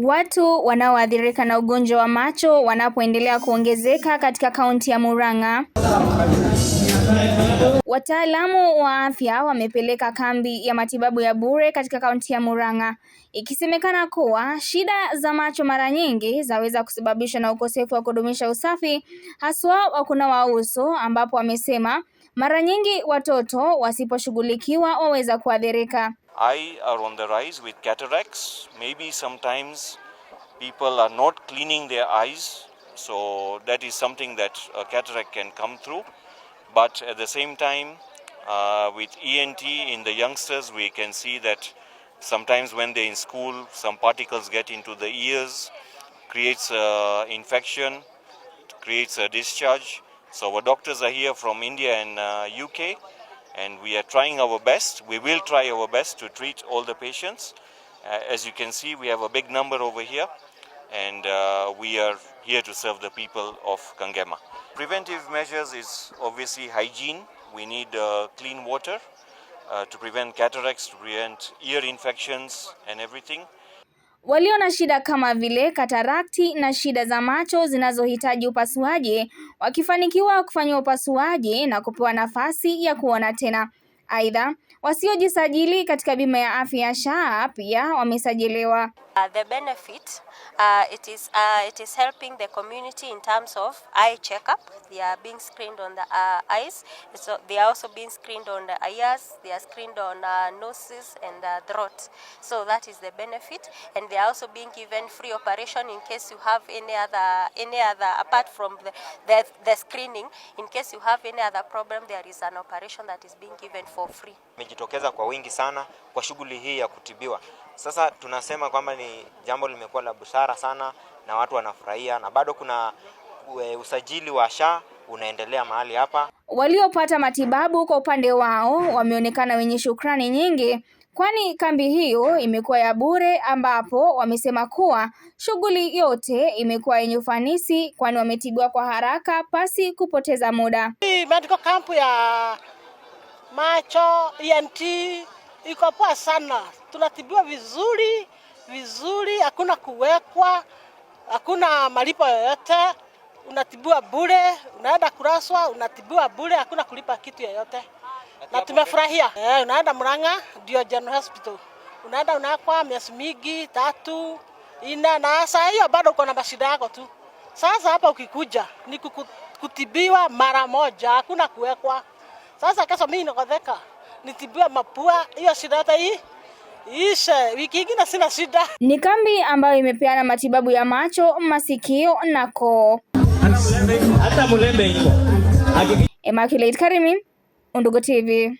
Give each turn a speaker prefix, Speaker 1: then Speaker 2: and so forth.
Speaker 1: Watu wanaoathirika na ugonjwa wa macho wanapoendelea kuongezeka katika kaunti ya Murang'a. Wataalamu wa afya wamepeleka kambi ya matibabu ya bure katika kaunti ya Murang'a, ikisemekana kuwa shida za macho mara nyingi zaweza kusababishwa na ukosefu wa kudumisha usafi, haswa wa kunawa uso, ambapo wamesema mara nyingi watoto wasiposhughulikiwa waweza kuathirika.
Speaker 2: eye are on the rise with cataracts. Maybe sometimes people are not cleaning their eyes, so that is something that a cataract can come through. But at the same time, uh, with ENT in the youngsters, we can see that sometimes when they're in school, some particles get into the ears, creates an infection, creates a discharge. So our doctors are here from India and uh, UK and we are trying our best. We will try our best to treat all the patients. Uh, as you can see, we have a big number over here, and uh, we are here to serve the people of Kangema. Preventive measures is obviously hygiene. We need uh, clean water uh, to prevent cataracts, to prevent ear infections, and everything.
Speaker 1: Walio na shida kama vile katarakti na shida za macho zinazohitaji upasuaji wakifanikiwa kufanywa upasuaji na kupewa nafasi ya kuona tena. Aidha, wasiojisajili katika bima ya afya ya SHA pia wamesajiliwa.
Speaker 3: Uh, the benefit uh, it is uh, it is helping the community in terms of eye checkup. They are being screened on the uh, eyes. So they are also being screened on the ears. They are screened on uh, noses and uh, throat. So that is the benefit, and they are also being given free operation in case you have any other any other apart from the, the, the screening. In case you have any other problem, there is an operation that is being given for free.
Speaker 4: Mejitokeza kwa wingi sana kwa shughuli hii ya kutibiwa. Sasa tunasema kwamba ni jambo limekuwa la busara sana na watu wanafurahia, na bado kuna eh, usajili wa SHA unaendelea mahali hapa.
Speaker 1: Waliopata matibabu kwa upande wao wameonekana wenye shukrani nyingi, kwani kambi hiyo imekuwa ya bure, ambapo wamesema kuwa shughuli yote imekuwa yenye ufanisi, kwani wametibiwa kwa haraka pasi kupoteza muda.
Speaker 5: Medical camp ya macho ENT iko poa sana, tunatibiwa vizuri vizuri, hakuna kuwekwa, hakuna malipo yoyote, unatibua bure, unaenda kuraswa, unatibua bure, hakuna kulipa kitu yoyote, na tumefurahia. Eh, unaenda Murang'a ndio General Hospital, unaenda unakwa miezi mingi tatu ina, na saa hiyo bado uko na mashida yako tu. Sasa hapa ukikuja ni kutibiwa mara moja, hakuna kuwekwa. Sasa kesho mimi nikodheka nitibiwa mapua, hiyo shida yote hii ishe wiki ingine sina shida.
Speaker 1: Ni kambi ambayo imepeana matibabu ya macho, masikio na koo. Hata mulembe iko. Immaculate Karimi, Undugu TV.